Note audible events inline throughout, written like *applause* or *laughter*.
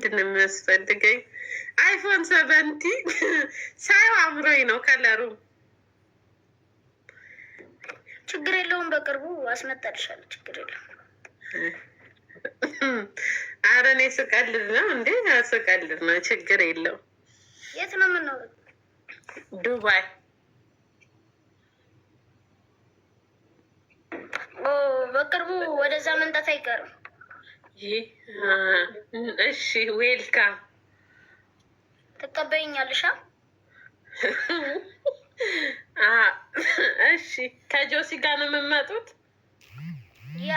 ምንድን ነው የሚያስፈልገኝ? አይፎን ሰቨንቲ ሳይው አምሮኝ ነው ከለሩ ችግር የለውም። በቅርቡ አስመጣልሻለሁ። ችግር የለውም። ኧረ እኔ ስቀልድ ነው እንዴ? ስቀልድ ነው። ችግር የለውም። የት ነው የምኖረው? ዱባይ። በቅርቡ ወደዛ መምጣት አይቀርም። እሺ ዌልካም ትቀበይኛለሽ? እሺ ከጆሲ ጋር ነው የምመጡት? ያ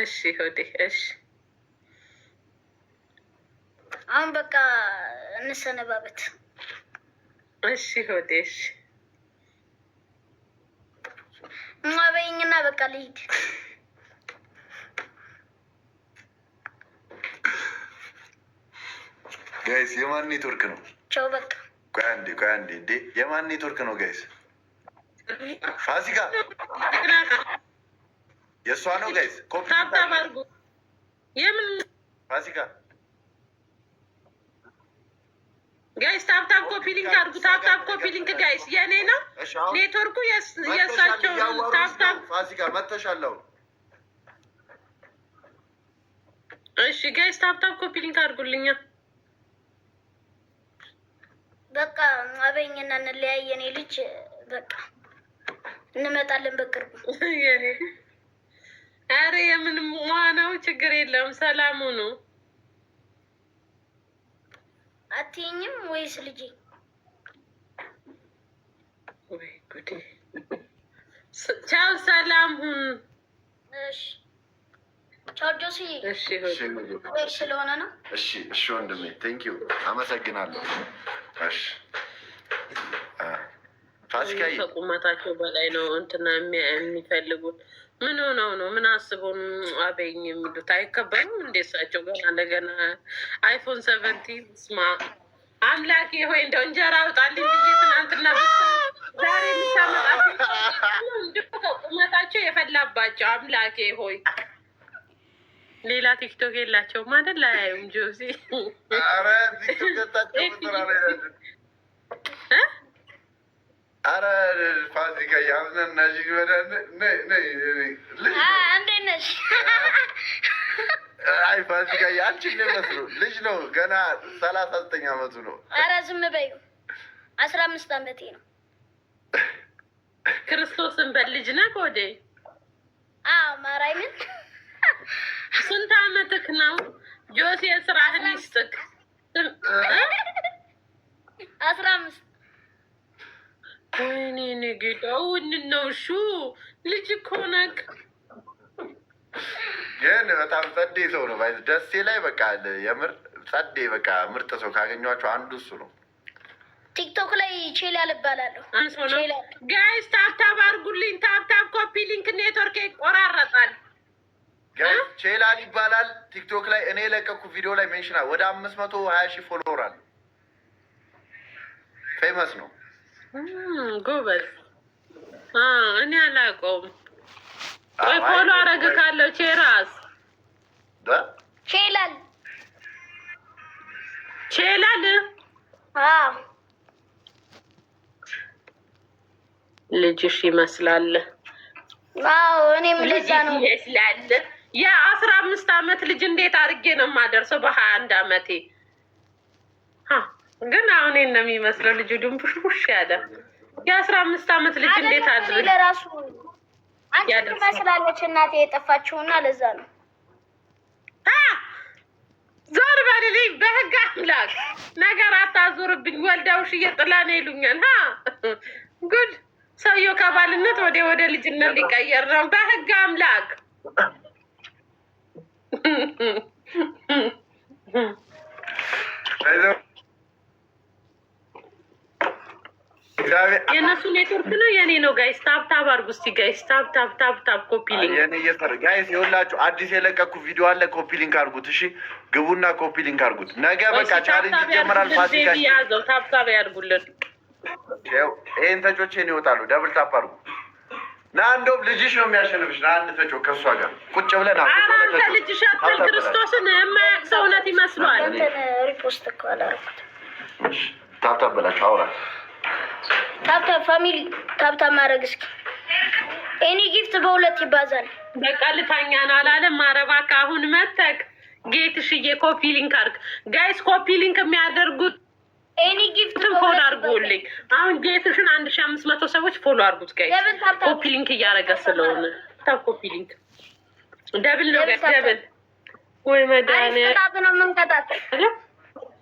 እሺ ሆዴ እሺ። አሁን በቃ እንሰነባበት። እሺ ሆዴ እሺ። ማበይኝና በቃ ልሂድ ጋይስ የማን ኔትወርክ ነው? ቻው በቃ ቆይ አንዴ ቆይ አንዴ። እንዴ የማን ኔትወርክ ነው ጋይስ? ፋሲካ የእሷ ነው ጋይስ። ኮፒ ፋሲካ ጋይስ ታብታብ ኮፒ ሊንክ አድርጉ። ታብታብ ኮፒ ሊንክ ጋይስ፣ የእኔ ነው ኔትወርኩ፣ የእሳቸው ነው። ታብታብ ፋሲካ መተሻለው። እሺ ጋይስ ታብታብ ኮፒ ሊንክ አድርጉልኛ በቃ አበኝ እና እንለያይ የኔ ልጅ። በቃ እንመጣለን በቅርቡ። አረ የምንም ዋናው ችግር የለውም ሰላሙ ነው። አትይኝም ወይስ ልጅ? ወይ ጉዴ! ቻው፣ ሰላም ሁን። እሺ ቻው ጆሲ እሺ ስለሆነ ነው። እሺ እሺ፣ ወንድሜ ቴንክ ዩ አመሰግናለሁ። ከቁመታቸው በላይ ነው እንትና የሚፈልጉት። ምን ሆነው ነው? ምን አስበው አበይኝ የሚሉት? አይከበሩም እንዴ? እሳቸው ገና ለገና አይፎን ሰቨንቲን ስማ አምላኬ ሆይ እንደው እንጀራ አውጣልኝ ብዬ ትናንትና ዛሬ የምታመጣቸው ከቁመታቸው የፈላባቸው አምላኬ ሆይ ሌላ ቲክቶክ የላቸውም አይደል? ላያዩም ጆሲ ልጅ ነው ገና ሰላሳ ዘጠኝ አመቱ ነው። አረ ዝም በይው አስራ አምስት አመቴ ነው። ክርስቶስን በልጅ ነህ ጎዴ። አዎ ምን ስንት አመትክ ነው ጆሴ? ስራህን ይስጥክ። አስራ አምስት ወይኔ ነገዳው ነው ሹ ልጅ እኮ ግን በጣም ጸዴ ሰው ነው። ደሴ ላይ በቃ የምር ጸዴ በቃ ምርጥ ሰው ካገኟቸው አንዱ እሱ ነው። ቲክቶክ ላይ ቼላል እባላለሁ። ጋይስ ታብታብ አድርጉልኝ። ታብታብ ኮፒ ሊንክ ኔትወርክ ይቆራረጣል። ቼላን ይባላል። ቲክቶክ ላይ እኔ የለቀኩ ቪዲዮ ላይ ሜንሽና ወደ አምስት መቶ ሀያ ሺህ ፎሎወር አለ። ፌመስ ነው ጎበዝ። እኔ አላውቀውም። ወይ ፎሎ አረግ ካለው ቼራስ ቼላል ቼላል ልጅሽ ይመስላል። እኔም ልጅ ነው ይመስላል የአስራ አምስት አመት ልጅ እንዴት አድርጌ ነው የማደርሰው? በሀያ አንድ አመቴ ግን አሁን ነው የሚመስለው ልጁ ድንቡሽቡሽ ያለ የአስራ አምስት አመት ልጅ እንዴት አድርግ ለራሱ ትመስላለች እናቴ የጠፋችሁና ለዛ ነው ዞር በልልኝ በህግ አምላክ ነገር አታዞርብኝ። ወልዳውሽ እየጥላ ነው ይሉኛል። ጉድ ሰውየው ከባልነት ወደ ወደ ልጅነት ሊቀየር ነው በህግ አምላክ የእነሱ ኔትወርክ ነው፣ የኔ ነው። ጋይስ ታብ ታብ አድርጉ እስቲ ጋይስ ታብ ታብ ታብ ታብ ኮፒ ሊንክ ጋይስ፣ ይኸውላችሁ አዲስ የለቀኩ ቪዲዮ አለ። ኮፒ ሊንክ አድርጉት። እሺ ግቡና ኮፒ ሊንክ አድርጉት። ነገ በቃ ቻሌንጅ ይጀምራል። ፋሲካ ያዘው ታብ ታብ ያድርጉልን። ይሄን ተጮቼን ይወጣሉ። ደብል ታፕ አድርጉ። ና እንደውም ልጅሽ ነው የሚያሸንፍሽ። ና አንድ ተጮ ከእሷ ጋር ቁጭ ብለን አንተ ልጅሽ አትል ክርስቶስን የማያውቅ ሰው እውነት ይመስሏል። ሪፖስት እኮ አላደረኩትም። ታብታብ በላቸው አውራ ታብታብ ፋሚሊ ታብታብ ማድረግ እስኪ ኤኒ ጊፍት በሁለት ይባዛል። በቃ ልታኛ ነው አላለም ማረባካ አሁን መተክ ጌትሽዬ ኮፒ ሊንክ አድርግ ጋይስ፣ ኮፒ ሊንክ የሚያደርጉት አድርጉልኝ። አሁን ጌትሽን አንድ ሺ አምስት መቶ ሰዎች ፎሎ አድርጉት። ጋይ ኮፒ ሊንክ እያደረገ ስለሆነ ታ ኮፒ ሊንክ ደብል ነው ደብል። ወይ መድኃኒዓለም ነው የምንቀጣጥል።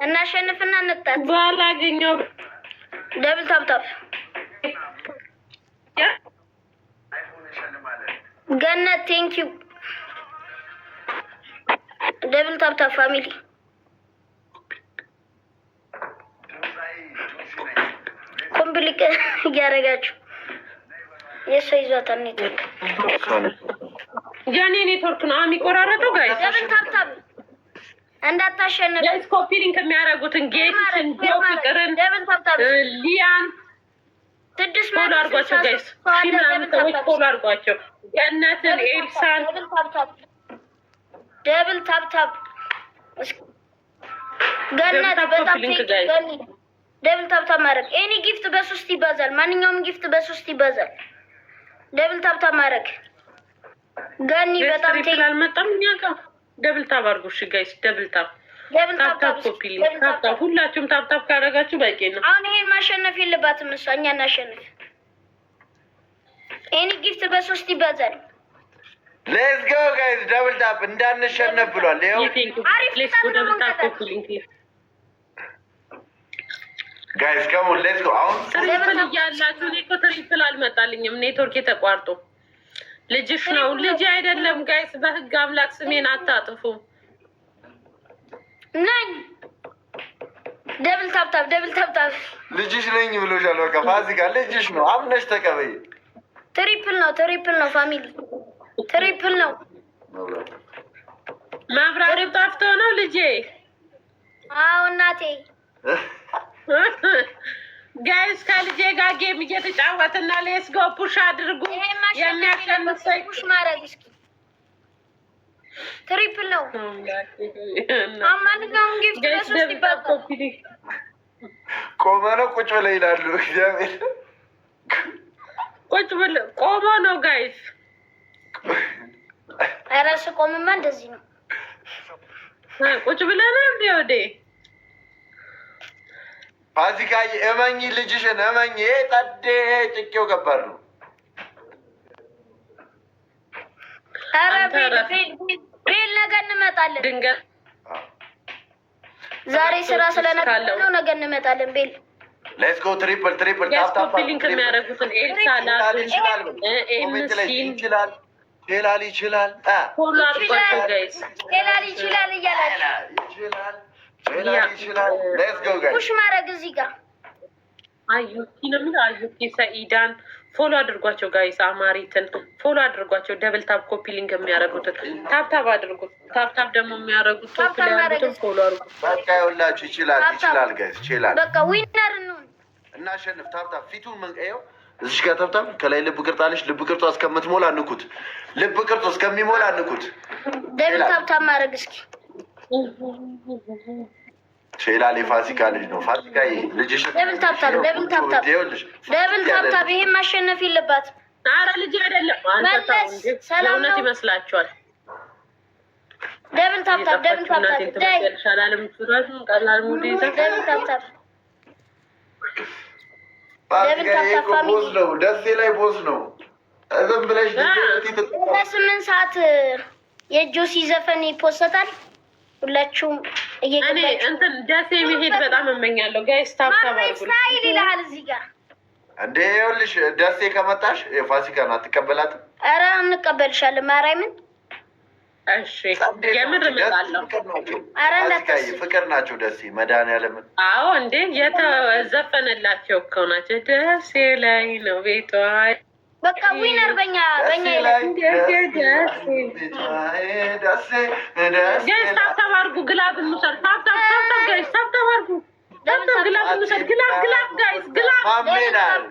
እናሸንፍና እንጣት ባላገኘው ደብል ታብታብ ገነት ቴንኪው ደብል ታብታብ ፋሚሊ እያደረጋችሁ የእሷ ይዟታል ኔትወርክ ያኔ ኔትወርክ ነው የሚቆራረጠው። ጋይ እንዳታሸንፍ ኮፒሪንግ የሚያደርጉትን ጌትስን ፍቅርን ለምን ሊያን ስድስት ፎሎ አድርጓቸው ጋይስ፣ ምናምን ሰዎች ፎሎ አድርጓቸው። ገነትን፣ ኤልሳን ደብል ታፕታፕ ገነት በጣም ደብል ታብታብ ማድረግ ኤኒ ጊፍት በሶስት ይባዛል። ማንኛውም ጊፍት በሶስት ይባዛል። ደብል ታብታብ ማድረግ ገኒ በጣም ቴክ አልመጣም። እኛ ጋር ደብል ታብ አድርጉ። እሺ ጋይስ ደብል ታብ ደብል ኮፒ ሊንክ ታብ ሁላችሁም ታብታብ ታብ ካደረጋችሁ በቂ ነው። አሁን ይሄ ማሸነፍ የለባትም እሷ። እኛ እናሸንፍ። ኤኒ ጊፍት በሶስት ይባዛል። ሌትስ ጎ ጋይስ ደብል ታብ እንዳንሸነፍ ብሏል። ይኸው አሪፍ ታብ ኮፒ ሊንክ ጋይስ ከሙ ሌትስ ጎ። አሁን ትሪፕል እያላችሁ እኔ እኮ ትሪፕል አልመጣልኝም። ኔትወርክ የተቋርጦ ልጅሽ ነው ልጅ አይደለም። ጋይስ በህግ አምላክ ስሜን አታጥፉ። ነኝ ደብል ታብታብ ደብል ታብታብ ልጅሽ ነኝ ብሎሻል። በቃ ፋዚ ልጅሽ ነው አምነሽ ተቀበይ። ትሪፕል ነው ትሪፕል ነው ፋሚሊ ትሪፕል ነው። መብራት ጠፍቶ ነው ልጄ። አዎ እናቴ *laughs* ጋይስ ከልጄ ጋ ጌም እየተጫወትን ነው። ጎ ፑሽ አድርጉ። የሚያሸንፍሽ ማድረግ እስኪ ትሪፕል ነው። ይባል ቆመ ነው ቁጭ ብለ ይላሉ። እግዚአብሔር ቁጭ ብለ ቆሞ ነው ጋይስ። ኧረ ስቆምማ እንደዚህ ነው። ቁጭ ብለህ ነው ወዴ ፋሲካዬ እመኝ፣ ልጅሽን እመኝ። ጠዴ ጭቄው ገባር ነው። ቤል ነገ እንመጣለን። ድንገት ዛሬ ስራ ስለነበረ ነው። ነገ እንመጣለን። ቤል ሌትስ ጎ ትሪፕል ትሪፕል ያስኮፕሊንክ የሚያደርጉትን ኤልሳላ ይችላል ቴላል ይችላል ጋይስ ቴላል ይችላል እያላል ይችላል ሽ ማድረግ እዚህ ጋር አዩኪ ሰኢዳን ፎሎ አድርጓቸው። ጋይስ አማሪትን ፎሎ አድርጓቸው። ደብል ታብ ኮፒ ሊንክ የሚያደርጉትን ታብታብ አድርጉ። ታብታብ ደግሞ የሚያደርጉት ቶፕ ላይ ፎሎ አድርጉ። በቃ ይኸውላችሁ ይችላል፣ ይችላል፣ ጋይስ ይችላል። በቃ ዊነር ነው። እናሸንፍ። ታብታብ ፊቱን መንቀየው እዚህ ጋር ታብታብ ከላይ ልብ ቅርጽ አለች። ልብ ቅርጿ እስከምትሞላ ንኩት። ልብ ቅርጹ እስከሚሞላ ንኩት። ደብል ታብታብ ማድረግ እስኪ ፌላል የፋሲካ ልጅ ነው። ፋሲካ ደብል ታብታብ ይሄን ማሸነፍ የለባት። አረ ልጅ አይደለም ሰላም ነው ይመስላችኋል? ደብል ታብታብ ደብል ታብታብ ደብል ነው። ደሴ ላይ ቦዝ ነው። ዝም ብለሽ ስምንት ሰዓት የጆሲ ዘፈን ይፖሰታል። ሁላችሁም እንትን ደሴ መሄድ በጣም እመኛለሁ። ጋይስ ታብታባርጉልኝ ይልሃል እዚህ ጋር እንደ ይኸውልሽ፣ ደሴ ከመጣሽ የፋሲካን አትቀበላትም? ኧረ እንቀበልሻለን። ማርያምን ፍቅር ናቸው ደሴ መድኃኒዓለምን። አዎ እንዴ የተዘፈነላቸው እኮ ናቸው። ደሴ ላይ ነው ቤቷ። በቃ ዊነር በኛ በኛ ጋይስ ታብታብ አድርጉ። ግላብ እንውሰድ። ታብታብ ታብታብ ጋይስ ታብታብ አድርጉ። ታብታብ ግላብ እንውሰድ። ግላብ ግላብ ጋይስ ግላብ